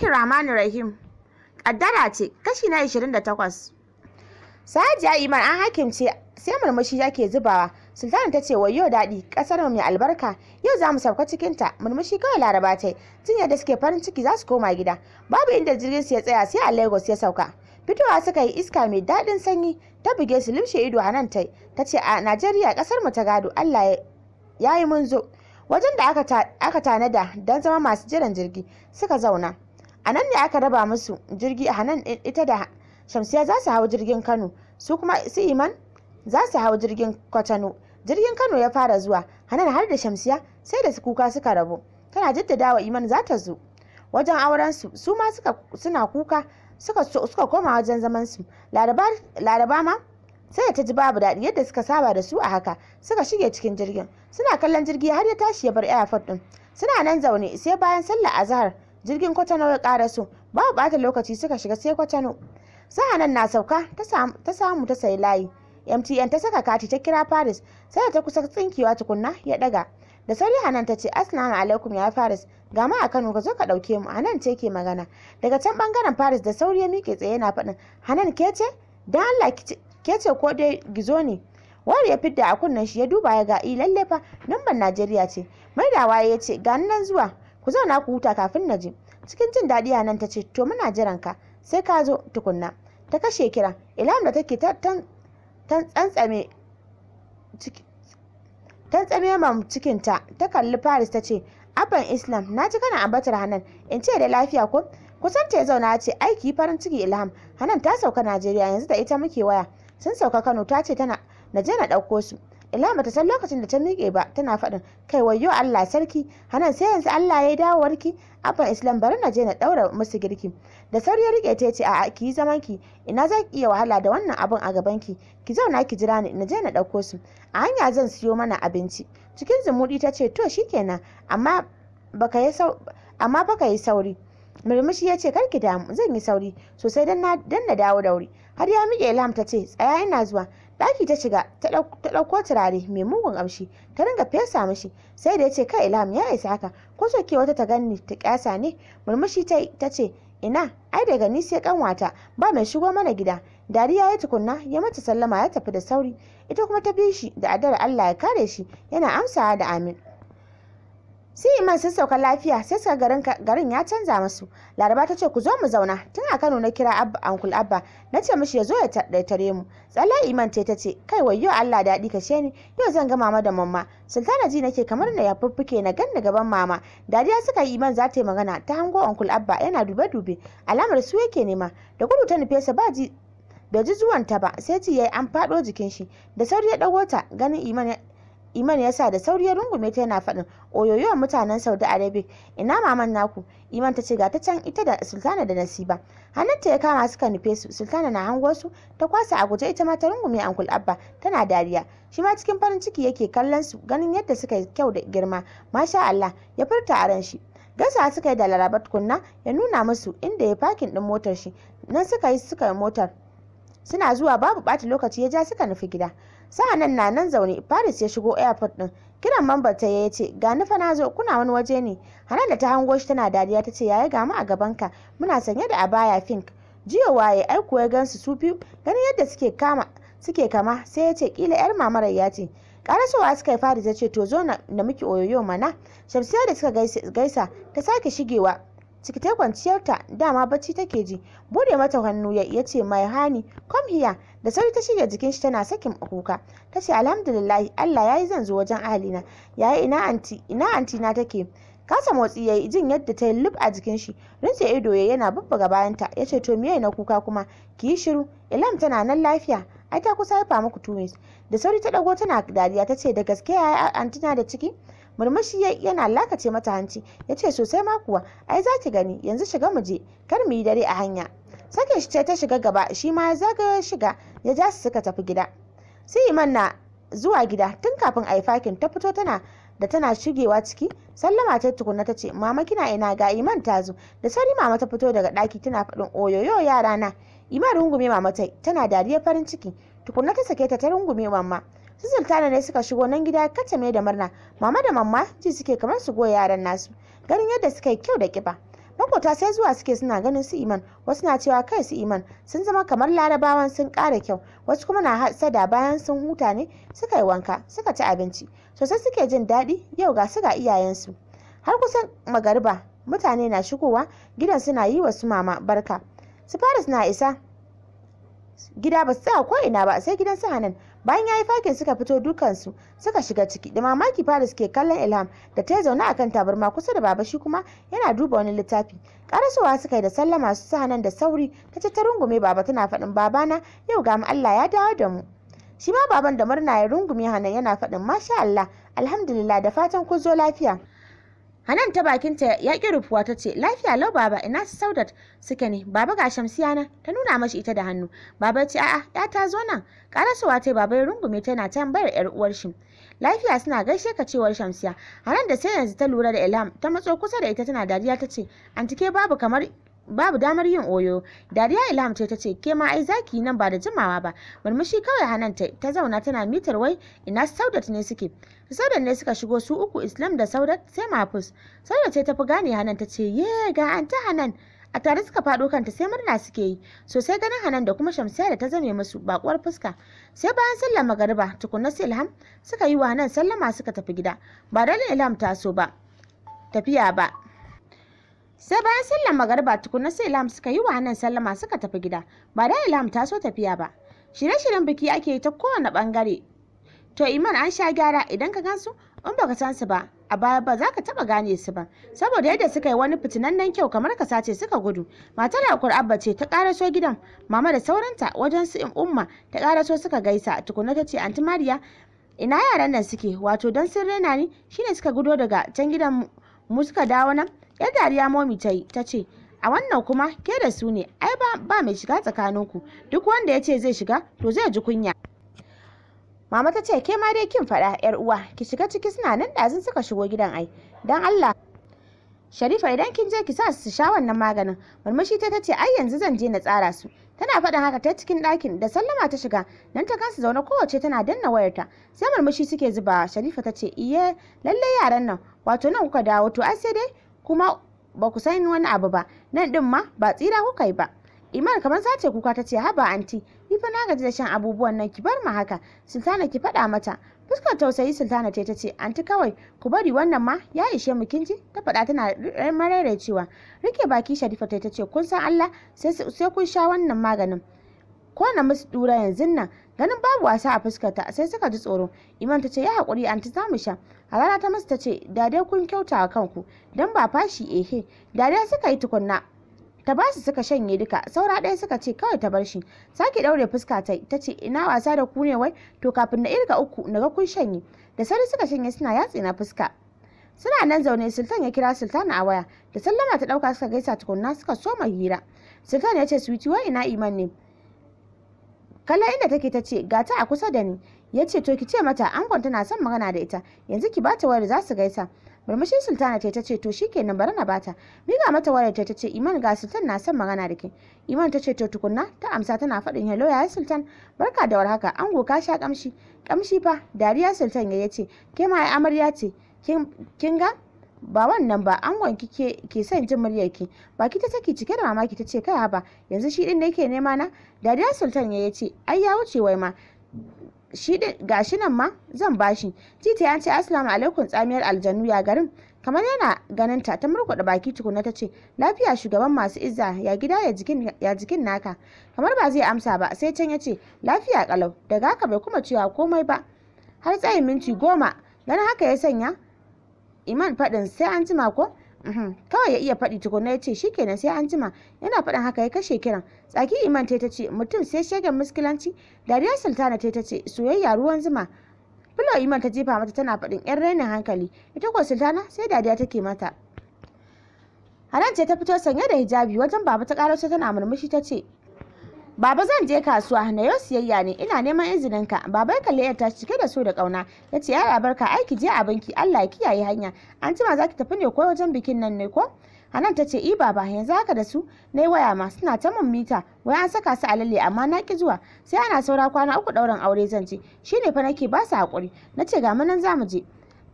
Bismillahir Rahmanir Rahim. Kaddara ce kashi na 28. Sajiya Iman an hakimce sai murmushi yake zubawa. Sultana ta ce wayo daɗi ƙasar mai albarka yau za mu sauka cikin ta murmushi kawai Laraba ta tun yadda suke farin ciki za su koma gida. Babu inda jirgin su ya tsaya sai a Lagos ya sauka. Fitowa suka yi iska mai daɗin sanyi ta buge su limshe ido a nan ta ta ce a Najeriya ƙasar mu ta gado Allah ya yi mun zo. Wajen da aka tanada don zama masu jiran jirgi suka zauna. a nan ne aka raba musu jirgi a nan ita da shamsiya za su hau jirgin kano su kuma su iman za su hau jirgin kwatano jirgin kano ya fara zuwa hanan har da shamsiya sai da su kuka suka rabu tana jaddada wa iman za ta zo wajen auren su su ma suna kuka suka suka koma wajen zaman su laraba ma sai da ta ji babu daɗi yadda suka saba da su a haka suka shige cikin jirgin suna kallon jirgi har ya tashi ya bar airport din suna nan zaune sai bayan sallar azahar jirgin kwatano ya kara su babu bata lokaci suka shiga sai kwatano sahanan na sauka ta samu ta sayi layi mtn ta saka kati ta kira paris sai da ta kusa tsinkewa tukunna ya daga da sauri hanan ta ce assalamu alaikum ya faris ga ma a kano ka zo ka dauke mu anan ce ke magana daga can bangaren paris da sauri ya miƙe tsaye yana faɗin hanan ke ce allah ke ce ko dai gizo ne wari ya fidda a kunnen shi ya duba ya ga i eh, lalle fa namban najeriya ce maidawa ya ce ga nan zuwa ku zauna ku huta kafin na je cikin jin daɗi nan ta ce to muna jiran ka sai ka zo tukunna ta kashe kira ilham da take tantsame tantsame ma cikinta ta kalli paris ta ce abban islam na ji kana ambatar hanan in ce da lafiya ko kusan ta ya zauna ya ce aiki farin ciki ilham hanan ta sauka najeriya yanzu da ita muke waya sun sauka kano ta ce tana na je na ɗauko su ila bata san lokacin da ta miƙe ba tana faɗin kai wayyo Allah sarki hanan sai yanzu Allah ya dawo warki abban islam bari na je na ɗaura musu girki da sauri ya rike ta ce a'a ki yi zaman ki ina za ki iya wahala da wannan abun a gaban ki ki zauna ki jira ni na je na ɗauko su a hanya zan siyo mana abinci cikin zumuɗi ta ce to shikenan amma baka yi amma baka yi sauri murmushi ya ce karki damu zan yi sauri sosai dan na dawo da wuri har ya miƙe lam ta ce tsaya ina zuwa ɗaki ta shiga ta ɗauko turare mai mugun amshi ta ringa fesa mishi sai da ya ce kai ilham ya isa haka ko soke wata ta ganni ta kyasa ne murmushi ta ce ina ai daga ni sai kanwata ba mai shigo mana gida dariya ya tukunna ya mata sallama ya tafi da sauri ita kuma ta bi shi da adar Allah ya kare shi yana amsawa da amin sai iman sun sauka lafiya sai suka garin garin ya canza masu. laraba ta ce ku zo mu zauna tun a kano na kira abba uncle abba na ce mishi ya zo ya tare mu tsalla iman ce ta ce kai yau allah daɗi kashe ni yau zan ga mama da mamma sultana ji nake kamar na ya fuffuke na ganni gaban mama dariya suka yi iman za ta yi magana ta hango uncle abba yana dube-dube alamar su yake nema da gudu ta nufesa ba ji bai ji zuwanta ba sai ji yayi an faɗo jikin shi da sauri ya ɗago ta ganin iman Iman ya sa da sauri ya rungume ta yana faɗin oyoyowar mutanen Saudi Arabia ina maman naku Iman ta ce ga ta can ita da Sultana da Nasiba hannunta ya kama suka nufe su Sultana na hango su ta kwasa a guje ita ma ta rungume Uncle Abba tana dariya shi ma cikin farin ciki yake kallon su ganin yadda suka yi kyau da girma masha Allah ya furta a ran shi gasa suka yi da Laraba tukunna ya nuna musu inda ya fakin din motar shi nan suka yi suka yi motar suna zuwa babu ɓata lokaci ya ja suka nufi gida nan na nan zaune paris ya shigo airport din kiran mambar ta ya ce ga nufa na zo kuna wani waje ne hana da ta hango shi tana dariya ta ce yaya ga a gaban ka muna sanye da abaya pink jiya waye ai kuwa gansu su biyu ganin yadda suke kama suke kama sai ya ce kila yar mamarar ya ce karasowa suka yi faris ya ce to zo na miki oyoyo mana shamsiya da suka gaisa ta sake shigewa ciki ta kwanciyarta dama bacci take ji bude mata hannu ya iya ce mai hani come hiya da sauri ta shirya jikin shi tana sakin kuka ta ce alhamdulillahi allah yayi zan zo wajen ahalina yayi ina anti ina anti na take kasa motsi yayi jin yadda ta lub a jikin shi rinse ido yayi yana bubbuga bayanta ya ce to miye na kuka kuma ki yi shiru Ilam tana nan lafiya ai ta kusa haifa muku twins da sauri ta dago tana dariya ta ce da gaske yayi anti na da ciki murmushi yana lakace mata hanci ya ce sosai ma kuwa ai za ki gani yanzu shiga mu je kar mu yi dare a hanya sake shi ta shiga gaba shi ma ya zaga shiga ya ja su suka tafi gida sai iman na zuwa gida tun kafin a yi fakin ta fito tana da tana shigewa ciki sallama ta tukunna ta ce mama kina ina ga iman ta zo da sani mama ta fito daga daki tana faɗin oyoyo yara na iman rungume mama ta tana dariya farin ciki tukunna ta sake ta ta rungume mama su sultana ne suka shigo nan gida kacame da murna mama da mamma ji suke kamar su goya yaran nasu ganin yadda suka yi kyau da kiba makota sai zuwa suke suna ganin su iman wasu na cewa kai su iman sun zama kamar larabawan sun ƙara kyau wasu kuma na hasada bayan sun huta ne suka yi wanka suka ci abinci sosai suke jin daɗi yau ga su iyayensu har kusan magariba mutane na shigowa gidan suna yi wa su mama barka su fara na isa gida ba su tsaya ko ina ba sai gidan su hanan bayan ya yi fakin suka fito dukansu suka shiga ciki da mamaki paris ke kallon ilham da ta zaune a kan tabarma kusa da baba shi kuma yana duba wani littafi karasowa suka yi da sallama su sahanan da sauri ta ci ta rungume baba tana faɗin babana yau ga allah ya dawo da mu shi ma baban da murna ya rungume hannun yana faɗin masha allah alhamdulillah da fatan kun zo lafiya Hanan ta bakinta ya ƙi rufuwa ta ce lafiya lau baba ina su saudat suke ne baba ga shamsiya na ta nuna mashi ita da hannu baba ce a'a ya ta zo nan karasowa ta baba ya rungume tana tambayar yar uwar shi lafiya suna gaishe ka cewar shamsiya nan da sai yanzu ta lura da Ilham ta matso kusa da ita tana dariya ta ce antike babu kamar babu damar yin oyo dariya ilham ce ta ce ke ma ai zaki nan ba da jimawa ba murmushi kawai hanan ta zauna tana mitar wai ina saudat ne suke saudat ne suka shigo su uku islam da saudat sai mafus saudat ce ta fi gane hanan ta ce ye ga an ta hanan a tare suka faɗo kanta sai murna suke yi sosai ganin hanan da kuma shamsiya da ta zame musu bakuwar fuska sai bayan sallar magariba tukunna su ilham suka yi wa hanan sallama suka tafi gida ba dalilin ilham taso ba tafiya ba sai bayan sallar magariba tukunna sai ilham suka yi wa hannun sallama suka tafi gida ba da ilham ta so tafiya ba shirye-shiryen biki ake yi ta kowane bangare to iman an sha gyara idan ka gansu in baka san su ba a baya ba za ka taba gane su ba saboda yadda suka yi wani fitinannen kyau kamar ka sace suka gudu matar akur abba ce ta karaso gidan mama da sauranta wajen su in umma ta karaso suka gaisa tukunna ta ce anti mariya ina yaran nan suke wato don sun rena ni shine suka gudo daga can gidan mu suka dawo nan yar dariya momi ta yi ta ce a wannan kuma ke da su ne ai ba mai shiga tsakaninku duk wanda ya ce zai shiga to zai ji kunya mama ta ce ke ma dai kin faɗa yar uwa ki shiga ciki suna nan ɗazun suka shigo gidan ai dan Allah Sharifa idan kin je ki sa su sha wannan maganin murmushi ta tace ai yanzu zan je na tsara su tana faɗin haka ta cikin ɗakin da sallama ta shiga nan ta kansu zaune kowace tana danna wayarta sai murmushi suke zuba Sharifa ta ce iye lalle yaran nan wato nan kuka dawo to ai sai dai kuma ba ku san wani abu ba nan din ma ba tsira kuka yi ba iman kamar sace kuka ta ce haba anti ni fa na gaji da shan abubuwan nan ki bar mu haka sultana ki faɗa mata fuskar tausayi sultana ta ce anti kawai ku bari wannan ma ya ishe mu kinji ta faɗa tana mararai cewa rike baki sharifa ta ce kun san Allah sai kun sha wannan maganin ko na musu dura yanzu nan ganin babu wasa a fuskarta sai suka ji tsoro iman ta ce ya haƙuri an ta mu sha rana ta masu ta ce da dai kun kyauta wa kanku don ba fashi ehe da dai suka yi tukunna ta ba su suka shanye duka saura ɗaya suka ce kawai ta bar shi sake ɗaure fuska ta ta ce ina wasa da ku ne wai to kafin na irka uku na ga kun shanye da sauri suka shanye suna yatsi na fuska suna nan zaune sultan ya kira sultana a waya da sallama ta ɗauka suka gaisa tukunna suka soma hira sultan ya ce suwiti wai ina iman ne kalla inda take ta ce ga ta a kusa da ni ya ce to ki ce mata angon tana son magana da ita yanzu ki bata wayar za su gaisa murmushin sultana ta ta ce to shikenan bari na bata miga mata wayar ta ce iman ga sultan na son magana da ke iman ta ce to tukunna ta amsa tana faɗin hello ya sultan barka da warhaka ango ka sha kamshi kamshi fa dariya sultan ya ce ke ma amarya ce kin ga ba wannan ba angon ki ke son jin muryar ki baki ta take cike da mamaki ta ce kai ba yanzu shi din ne ke nema na dadiya sultan ya ce ai ya wuce wai ma shi din gashi nan ma zan bashi titi an ce assalamu alaikum tsamiyar aljannu ya garin kamar yana ganin ta ta murkuɗa baki tukuna ta ce lafiya shugaban masu izza ya gida ya jikin naka kamar ba zai amsa ba sai can ya ce lafiya kalau daga haka bai kuma cewa komai ba har tsayin minti goma dan haka ya sanya iman faɗin sai an jima ko uhm. kawai ya iya faɗi tukuna ya ce shi shikenan sai an jima yana faɗin haka ya kashe kiran tsaki iman ta ce mutum sai shagen muskilanci dariyar sultana ta ce soyayya ruwan zuma filo iman ta jefa mata tana faɗin yan rainin hankali ita ko sultana sai dariya take mata Hanan ce ta fito sanye da hijabi wajen babu ta karaso tana murmushi ta ce Baba zan je kasuwa na yau siyayya ne ina neman izinin ka. Baba ya kalle ta cike da so da kauna. Ya ce yara barka aiki je a banki Allah ya kiyaye hanya. An ci za ki tafi ne ko wajen bikin nan ne ko? Hanan ta ce i eh, baba yanzu haka da su na waya ma suna ta mun mita wai an saka su a lalle amma na ki zuwa sai ana saura kwana uku dauran aure zan ce ne fa nake ba su haƙuri na ce ga nan za mu je.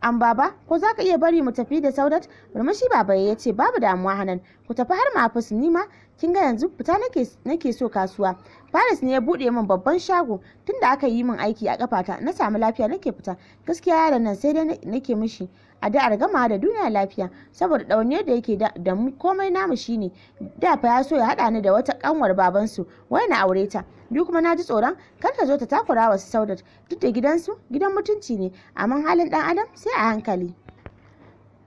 An baba ko za ka iya bari mu tafi da Saudat murmushi baba ya ce babu damuwa Hanan ku tafi har ma ni ma kin ga yanzu fita nake so kasuwa Paris ne ya bude min babban shago tunda aka yi min aiki a kafata na samu lafiya nake fita gaskiya yaron nan sai dai nake mishi a da'ar gama da duniya lafiya saboda dauniyar da yake da mu komai namu shine da fa ya so ya hada ni da wata kanwar babansu wai na aure ta duk kuma na ji tsoron kar ta zo ta takura wa su saudat duk da gidansu gidan mutunci ne amma halin dan adam sai a hankali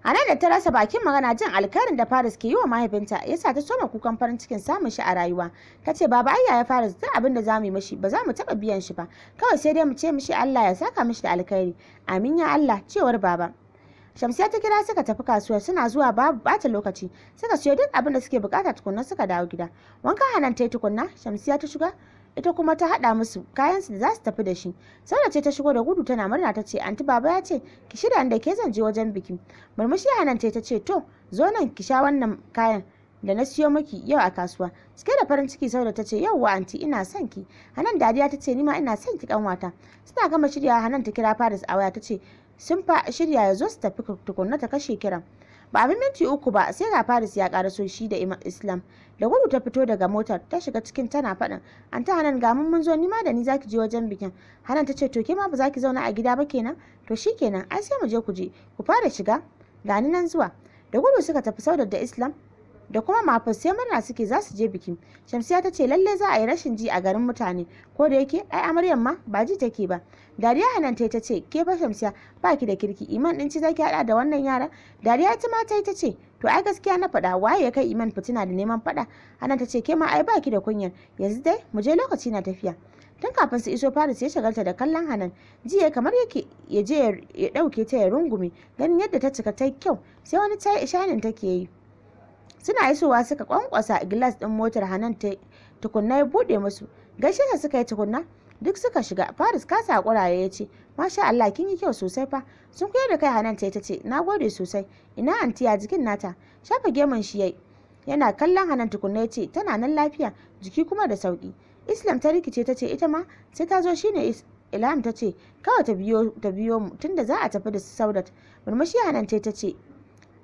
A nan da ta rasa bakin magana jin alkarin da Faris ke yi wa mahaifinta ya sa ta soma kukan farin cikin samun shi a rayuwa. Ta ce baba ayya ya Faris duk abin da za mu yi mashi ba za mu taɓa biyan shi ba. Kawai sai dai mu ce mishi Allah ya saka mishi da alkhairi. Amin ya Allah cewar baba. Shamsiya ta kira suka tafi kasuwa suna zuwa babu bata lokaci suka siyo duk abin da suke bukata tukunna suka dawo gida. Wanka hanan ta yi tukunna Shamsiya ta shiga ita kuma ta haɗa musu kayan su da za su tafi da shi saura ce ta shigo da gudu tana murna ta ce anti baba ya ce ki shirya da ke zan je wajen bikin?" murmushi hanan ce ta ce to zo nan ki sha wannan kayan da na siyo miki yau a kasuwa cike da farin ciki Sa'oda ta ce wa anti ina son ki hanan dariya ta ce nima ina son ki kanwata suna gama shirya hanan ta kira faris a waya ta ce sun fa shirya ya zo su tafi tukunna ta kashe kiran ba abin minti uku ba sai ga faris ya karaso shi da islam da gudu ta fito daga motar ta shiga cikin tana faɗin an ta hanan ga mun zo nima da ni zaki je wajen bikin hanan ta ce to ke ma ba zaki zauna a gida ba kenan to shi kenan, ai sai mu je ku je ku fara shiga gani nan zuwa da gudu suka tafi saudar da islam da kuma mafus sai murna suke za su je bikin shamsiya ta ce lalle za a yi rashin ji a garin mutane ko da yake ai amaryan ma ba ji take ba dariya hananta ta ce ke fa shamsiya ba ki da kirki iman din ci zaki hada da wannan yara dariya ita ma ta yi ta ce to ai gaskiya na faɗa waye ya kai iman fitina da neman faɗa hananta ta ce ke ma ai ki da kunyar yanzu dai mu je lokaci na tafiya tun kafin su iso faris ya shagalta da kallon Hanan jiya kamar yake ya je ya dauke ta ya rungume ganin yadda ta cika ta kyau sai wani ta ishanin take yi suna isowa suka kwankwasa gilas din motar hannun ta tukunna ya buɗe musu gaishe ta suka yi tukunna duk suka shiga faris kasa hakuraye ya ce masha Allah kin yi kyau sosai fa sun koyar da kai hannun ta ta ce na gode sosai ina anti a jikin nata shafa gemun shi yayi yana kallon hannun tukunna ya ce tana nan lafiya jiki kuma da sauki islam ta rikice ta ce ita ma sai ta zo shine ilham ta ce kawai ta biyo mu tunda za a tafi da saudat murmushi hannun ta ce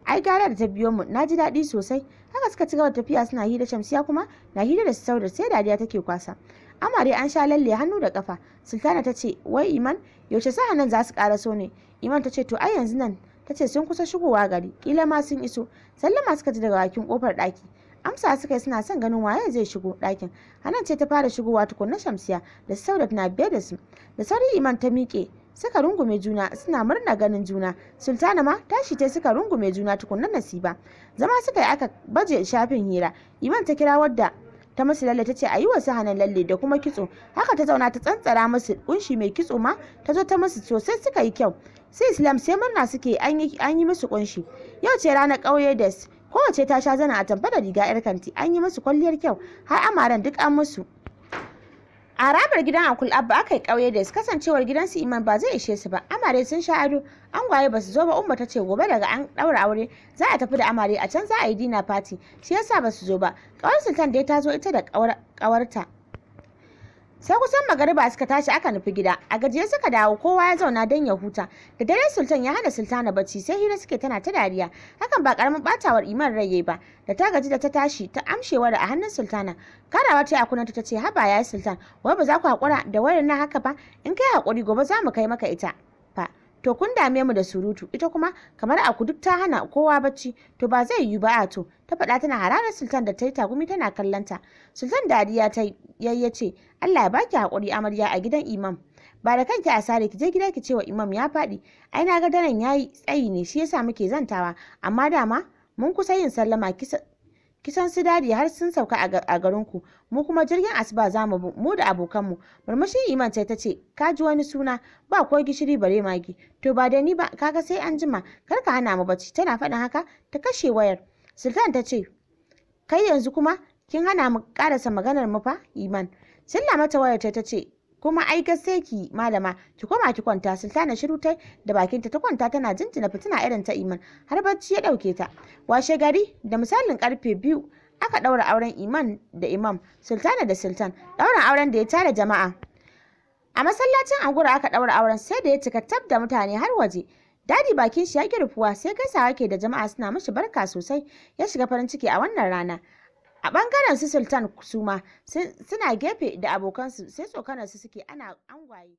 ai gara da ta biyo mu na ji daɗi sosai haka suka ci gaba tafiya suna hira shamsiya kuma na hira da sauda sai dariya take kwasa amare an sha lalle hannu da kafa sultana ta ce wai iman yaushe sa nan za su ƙara so ne iman ta ce to ai yanzu nan ta ce sun kusa shigowa gari kila ma sun iso sallama suka ji daga bakin kofar ɗaki amsa suka yi suna son ganin waye zai shigo ɗakin hanan ce ta fara shigowa tukunna shamsiya da saudat na biyar da su da sauri iman ta miƙe suka rungume juna suna murna ganin juna sultana ma tashi ta suka rungume juna tukunna nasiba zama suka yi aka baje shafin hira iman ta kira wadda ta musu lalle ta ce a yi wasu hannun lalle da kuma kitso haka ta zauna ta tsantsara musu kunshi mai kitso ma ta zo ta musu sosai suka yi kyau sai islam sai murna suke an yi musu kunshi yau ce ranar ƙauye da kowace ta sha zana a tamfa da riga 'yar kanti an yi musu kwalliyar kyau har amaren duk an musu a rabar gidan akul abba aka yi ƙauye da su kasancewar gidan su iman ba zai ishe su ba amare sun sha ado angwaye ba su zo ba umma ta ce gobe daga an daura aure za a tafi da amare a can za a yi dina fati shi yasa ba su zo ba kawar sultan dai ta zo ita da ƙawarta sai kusan magariba suka tashi aka nufi gida a gajiye suka dawo kowa ya zauna don ya huta da dare sultan ya hana sultana bacci sai hira suke tana ta dariya hakan ba karamin batawar iman raye ba da ta gaji da ta tashi ta amshe wada a hannun sultana karawa ta akunanta ta ce haba ya sultan wai ba za ku haƙura da wayar na haka ba in kai haƙuri gobe za mu kai maka ita to kun dame mu da surutu ita kuma kamar a duk ta hana kowa bacci to ba zai yi ba a to ta faɗa tana hararar sultan da ta yi tagumi tana kallanta sultan dariya ta yayye ce allah ya baki haƙuri amarya a gidan imam ba da kanki a sare ki je gida ki ce wa imam ya faɗi ai na ga danan yayi tsayi ne shi yasa muke zantawa amma dama mun kusa yin sallama kisan su dadi har sun sauka a garin ku? mu kuma jirgin asuba za mu mu da abokanmu murmushin iman ta ce ka ji wani suna ba ko gishiri bare magi to ba da ni ba kaga sai an jima kar ka hana mu bacci tana faɗin haka ta kashe wayar sultan ta ce kai yanzu kuma kin hana mu karasa maganar mu fa iman cilla mata wayar ta ce kuma ai gaske ki malama ki koma ki kwanta sultana shiru tai da bakinta ta kwanta tana jinjina fituna irin ta iman har bacci ya dauke ta washe gari da misalin karfe biyu aka daura auren iman da imam sultana da sultan daura auren da ya tara jama'a a masallacin angura aka daura auren sai da ya cika tab da mutane har waje dadi bakin shi ya ki rufuwa sai gaisawa ke da jama'a suna mashi barka sosai ya shiga farin ciki a wannan rana a ɓangaren su sultan suma suna gefe da abokansu sai tsokanar su suke ana angwaye